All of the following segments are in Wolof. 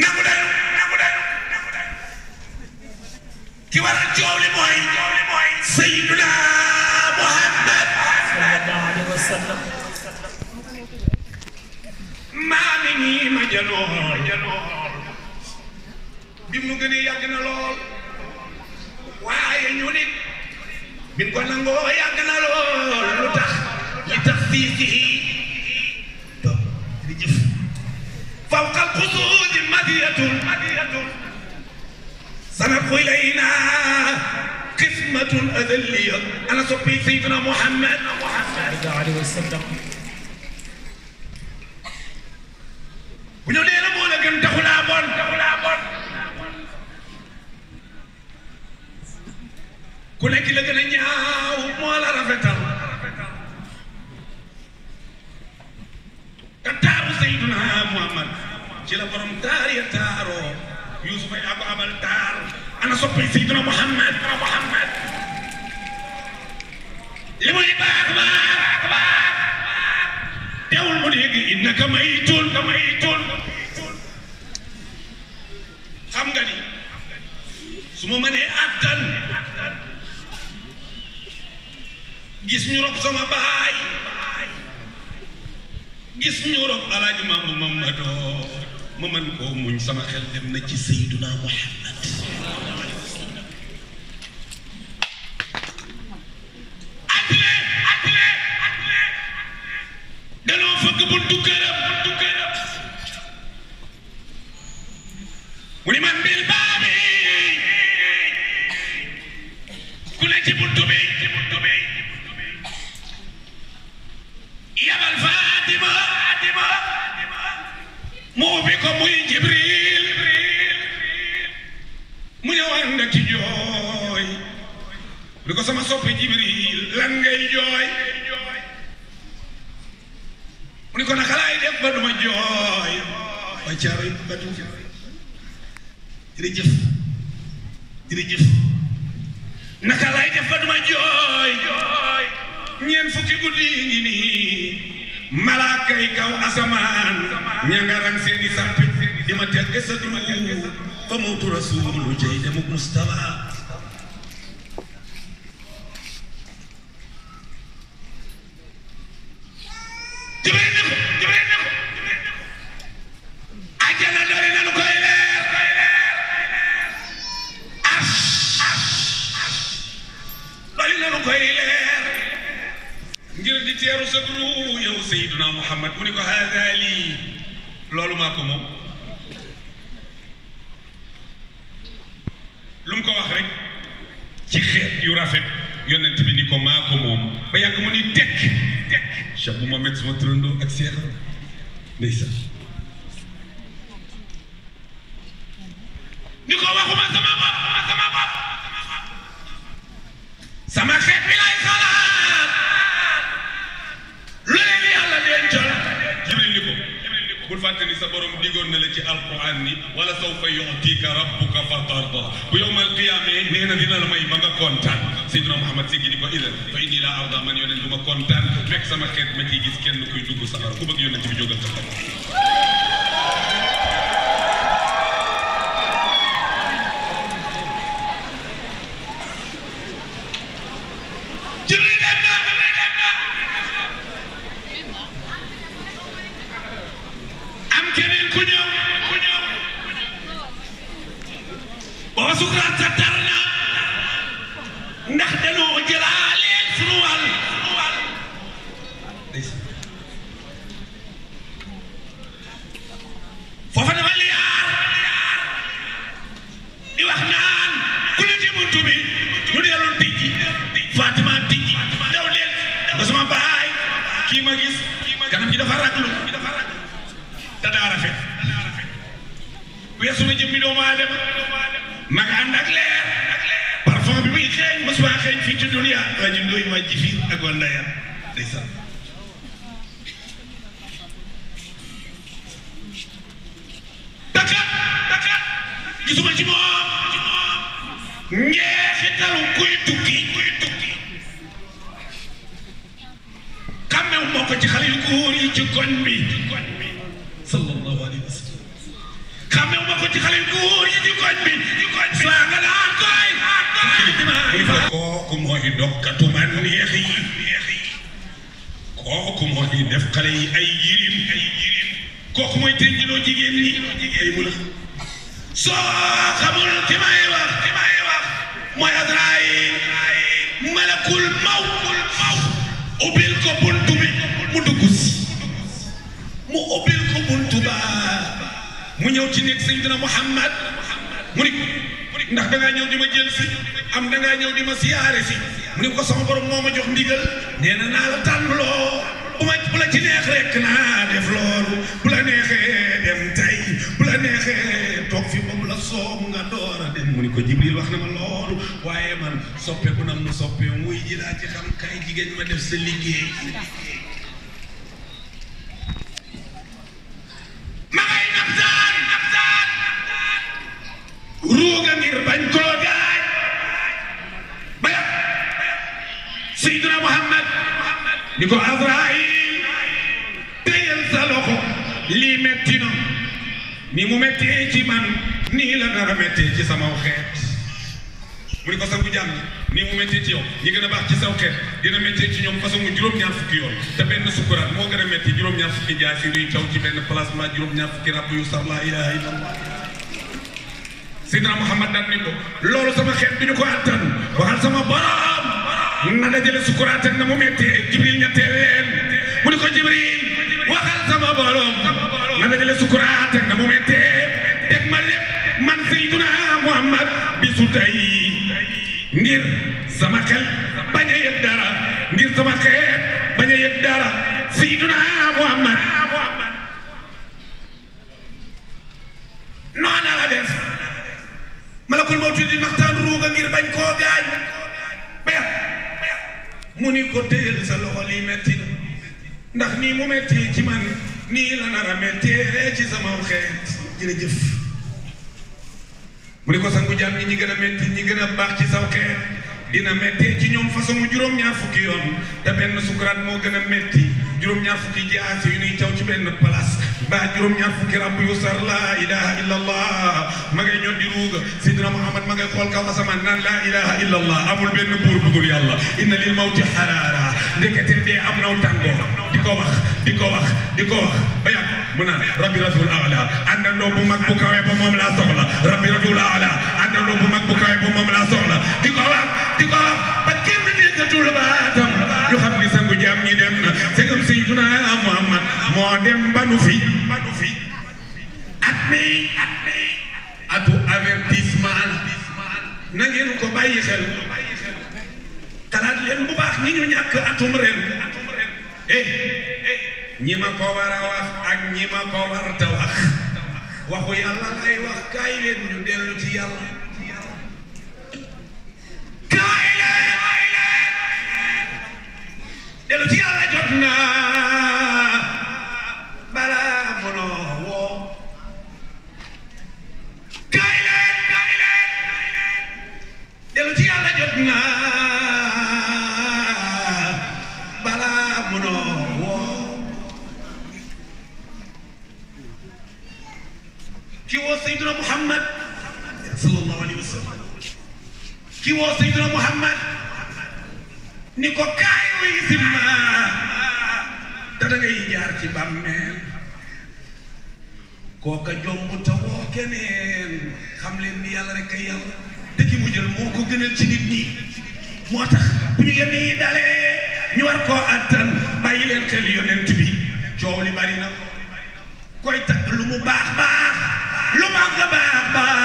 nangu leen nangu leen nangu leen ki war a coow li mooy coow li mooy Sayyiduna Muhammad sallallahu alayhi wa sallam maa mi nii ma jaloor jaloor bi mu gënee yàgg na lool waaye ñu nit bi ko nangoo yàgg na lool lu tax li tax fii fii topp di jëf fawqal xusuur هدية سنبقو إلينا قسمة أذلية أنا صبي سيدنا محمد محمد عليه وسلم ci la borom taar ya taaroo Yuusufa yaa ko abal taar ana soppi Seydina Muhammad sama xel dem na ci Seydina Muhammad ñeent fukki guddi yi ma teg sa dund fa mawtu rasulu jay demuk Cheikh Mouhamed sama turandoo ak Cheikh ndeysaan ni ko waxuma sama borom digoon na la ci alquran ni wala sawfa yu'tika rabbuka fatarda bu yowmal qiyaamee nee na dina la may ba nga kontaan Seydina Muhammad siggi ni ko idan fa inni laa arda man yonent du ma kontaan fekk sama xeet ma ciy gis kenn kuy dugg safara ku bëgg yonent bi jógal sa keneen ku ñëw ku ñëw ba sukuraat sa dara gisuma ci moom njeexitalu kuy tukki kuy tukki xàmmew moo ko ci xale yu góor yi ci koñ bi koñ bi sallallahu alayhi wa sallam xàmmew moo ko ci xale yu góor yi ci koñ bi ci koñ bi saa nga daan koy kooku mooy dokkatu man neex yi kooku mooy def xale yi ay yirim ay yirim kooku mooy tëjloo jigéen ñi ay mu la soo xamul ki may wax ki wax mooy Azraayil malakul mawul maw ubbil ko buntu bi mu dugg mu ubbil ko buntu ba mu ñëw ci nit Seydina Muhammad mu ni ndax dangaa ñëw di ma jël si am dangaa ñëw di ma siyaare si mu ni ko sama borom moo ma jox ndigal nee na naa la tànn loo ma bu la ci neex rek naa def loolu bu la neexee ni ko Jibril wax na ma loolu waaye man soppeeku nag mu soppee muy ji laa ci xam kay jigéen ma def sa liggéey ma ngay naftaan naftaan ruuga ngir bañ koo gaaj baya Seydina na mu mettee ci man nii la dara méttee ci sama xeet mu ni ko sangu jàmm nii mu méttee ci yow ñi gën a baax ci saw xeet dina méttee ci ñoom façon mu juróom-ñaar fukki yoon te benn sukkuraat moo gën a métti juróom-ñaar fukki jaay si luy ci benn placement juróom-ñaar fukki rab yu sax laa ilaha illallah sidna Muhammad daan ni ko loolu sama xeet du ñu ko attan waxal sama borom na dajale sukkuraat na mu méttee Jibril ñettee leen mu ni ko Jibril waxal sama borom na na mu méttee tey ngir sama xel bañ a yëg dara ngir sama xeet bañ a yëg dara noona la def malakul mawtu di ruuga ngir bañ koo gaañ mu ni ko téyel sa lii metti ndax nii mu metti ci man nii la nar a mettee ci sama xeet jërëjëf mu ne ko sangu jaam ñi ñi gën a métti ñi gën a baax ci saw xeet dina métti ci ñoom façon juróom-ñaar fukki yoon te benn sukuraat moo gën a métti juróom-ñaar fukki jaas yu ñuy taw ci benn place mbaa juróom-ñaar fukki rab yu sar laa ilaha illa allah ma ngay ñoon di ruuga ma ngay xool kaw asamaan naan laa ilaha illa allah amul benn buur bu dul yàlla inna lil mawti xaraara ndekete dee am na tàngoor di ko di ko di ko wax ba yàgg mu naan rabbi rasul ala àndandoo bu mag bu kawe ba moom laa soxla rabbi rasul ala àndandoo bu mag bu kawe ba moom laa soxla di ko di ko ba kenn déggatul baatam ñu xam ni sangu jaam ñi dem na segam Seydina Muhammad moo dem ba nu fi at mi atu avertissement na ngeen ko bàyyi xel xalaat leen bu baax ñi ñu ñàkk atum ren eh, eh, ñi ma ko war a wax ak ñi ma ko warta wax waxu yàlla lay wax kaay leen ñu dellu ci yàlla kaay leen dellu ci yàlla jot na bala mënoo woo kaay leen kaay leen dellu ci yàlla jot na bala mënoo woo ki woo Seydina Muhammad sallallahu alayhi wa sallam ci woo Seydina Muhammad ni ko kaay wuy si ma te da jaar ci bàmmeel kooka jomb te keneen xam leen ni yàlla rek a yàlla dëkki mu jël moo ko gënal ci nit ñi moo tax bu ñu yenn yi dalee ñu war koo attan bàyyi leen xel yonent bi coow li bari na koy takk lu mu baax baax lu mag baax baax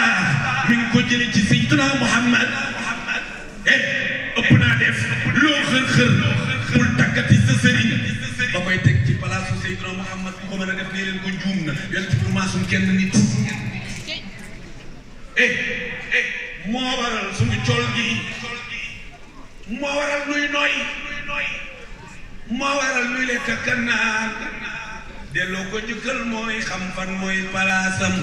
mi ko jëlee ci Seydina Muhammad ko mën a ko juum na eh, eh, moo waral suñu noy moo waral nuy lekk ak naan delloo ko njëkkal mooy xam fan mooy palaasam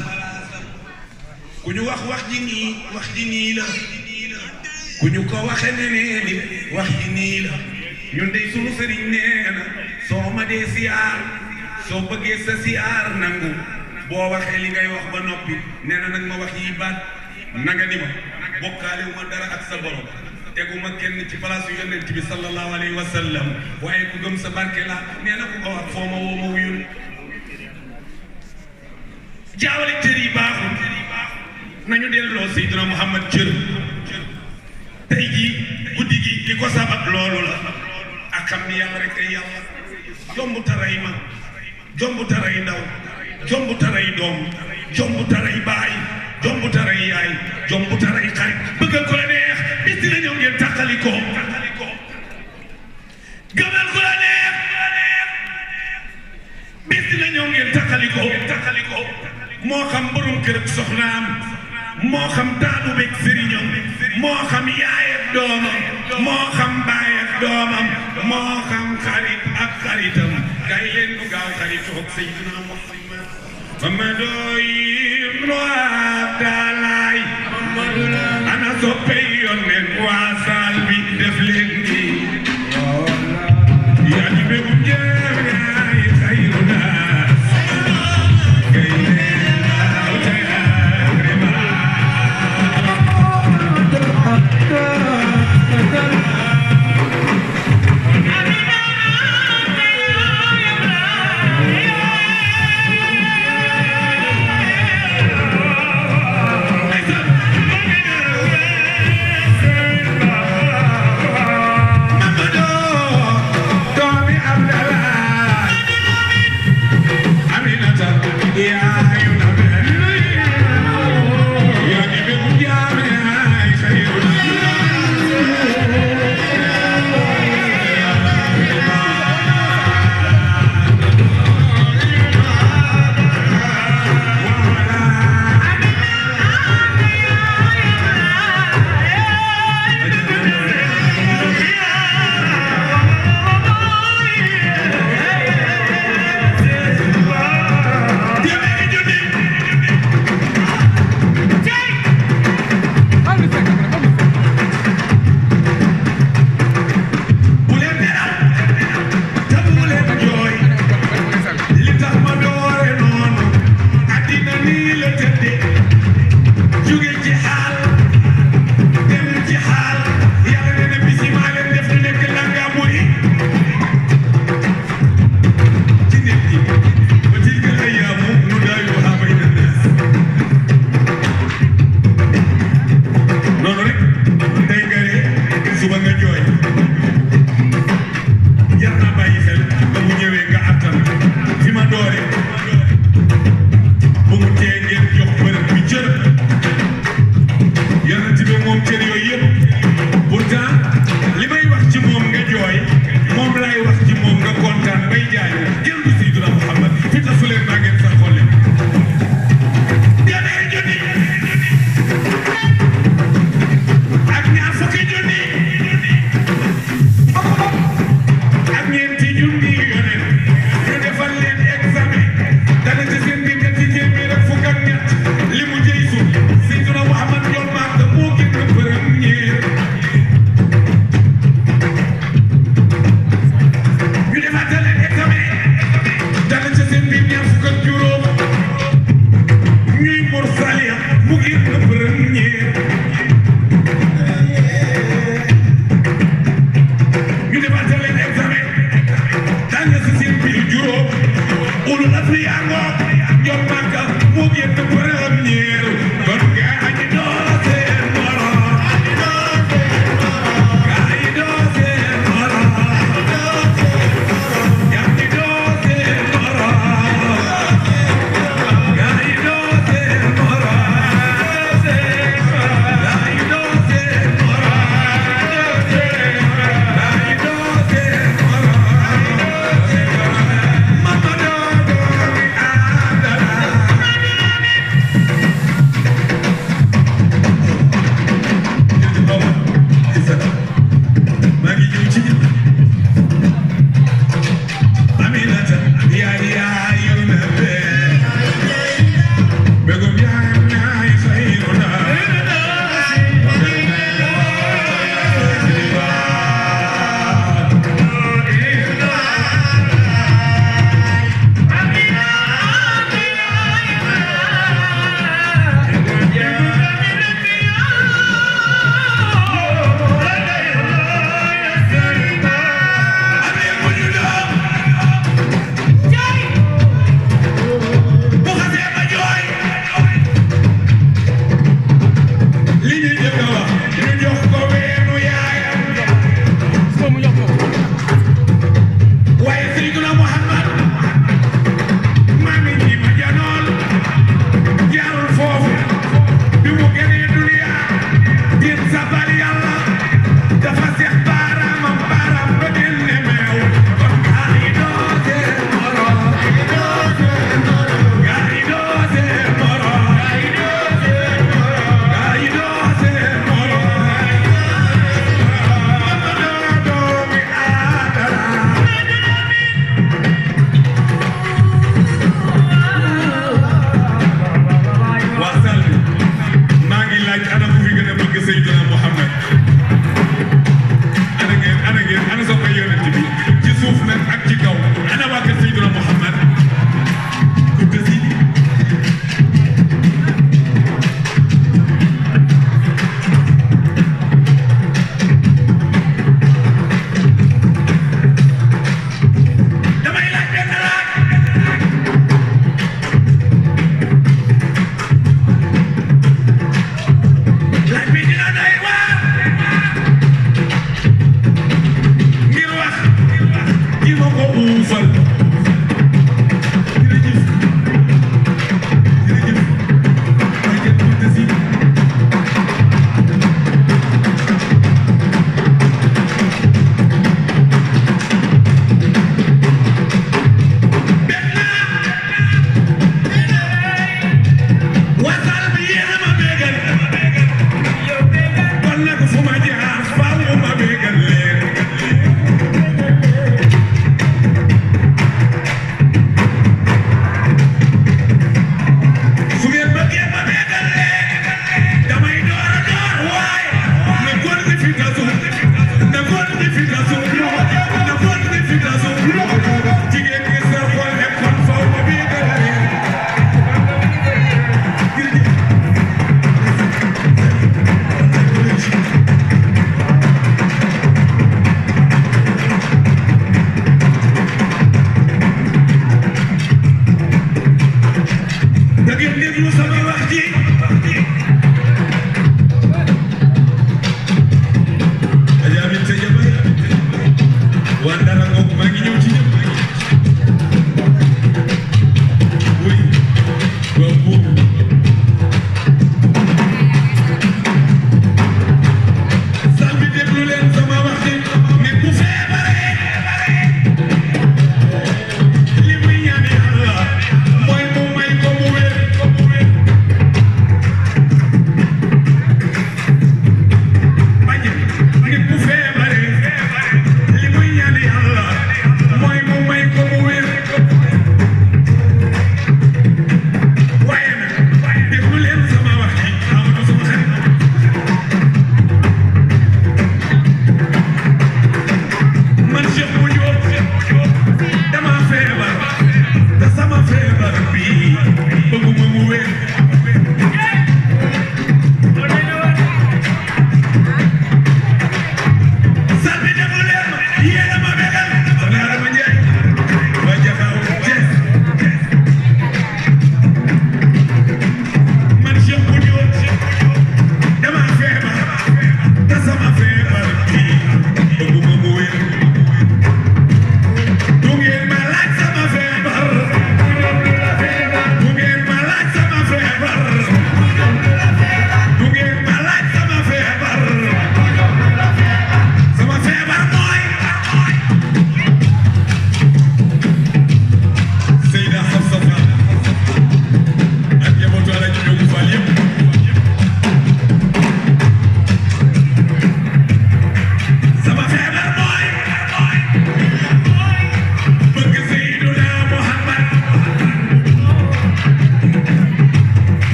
ku ñu wax wax ji nii wax ji nii la ku ñu ko waxe nenee ni wax ji nii la ñun dey sunu sëriñ nee soo ma dee siyaar soo bëggee sa si aar nangu boo waxee li ngay wax ba noppi nee na nag ma wax yi baat nanga di ma bokkaale wu ma dara ak sa borom teguma kenn ci palaasu yonent bi sallallahu alayhi wa sallam waaye sa barke la nee na ku ko wax foo ma nañu delloo Seydina Muhammad cër tey jii guddi gi li ko sabab loolu la ak xam ni yàlla rek ay yàlla yomb taray ma jomb taray naw jomb taray baay jomb taray yaay jomb taray xarit bëggal ko la neex bis dina ñëw ngeen tàqali ko soxnaam moo xam taalu beeg sëriñam moo xam yaayam doomam moo xam baayam doomam moo xarit ak xaritam kay leen توك سيدنا محمد محمد يمرو دالاي انا صبي يونن واسا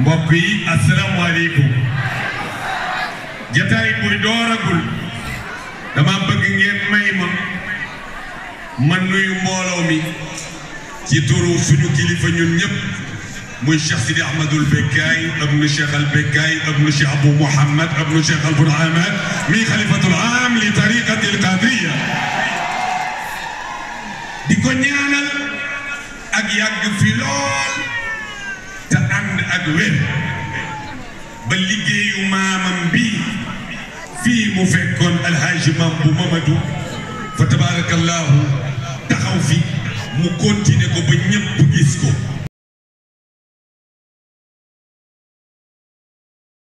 mbokk yi asalaamaaleykum jataay buy dooragul dama bëgg ngeen may ma ma nuyu mbooloo mi ci turu suñu kilifa ñun ñëpp muy Cheikh Sidi Ahmadul Bekkaay ibnu Cheikh al Bekkaay ibnu Cheikh Abou Mouhammad ibnu Cheikh al Burhaman mi xalifatul aam li tariqati al Qadiriya di ko ñaanal ak yàgg fi lool ak wér ba liggéeyu maamam bi fii mu fekkoon alhaaji maam bu Mamadou fa tabaarakallaahu taxaw fi mu continuer ko ba ñëpp gis ko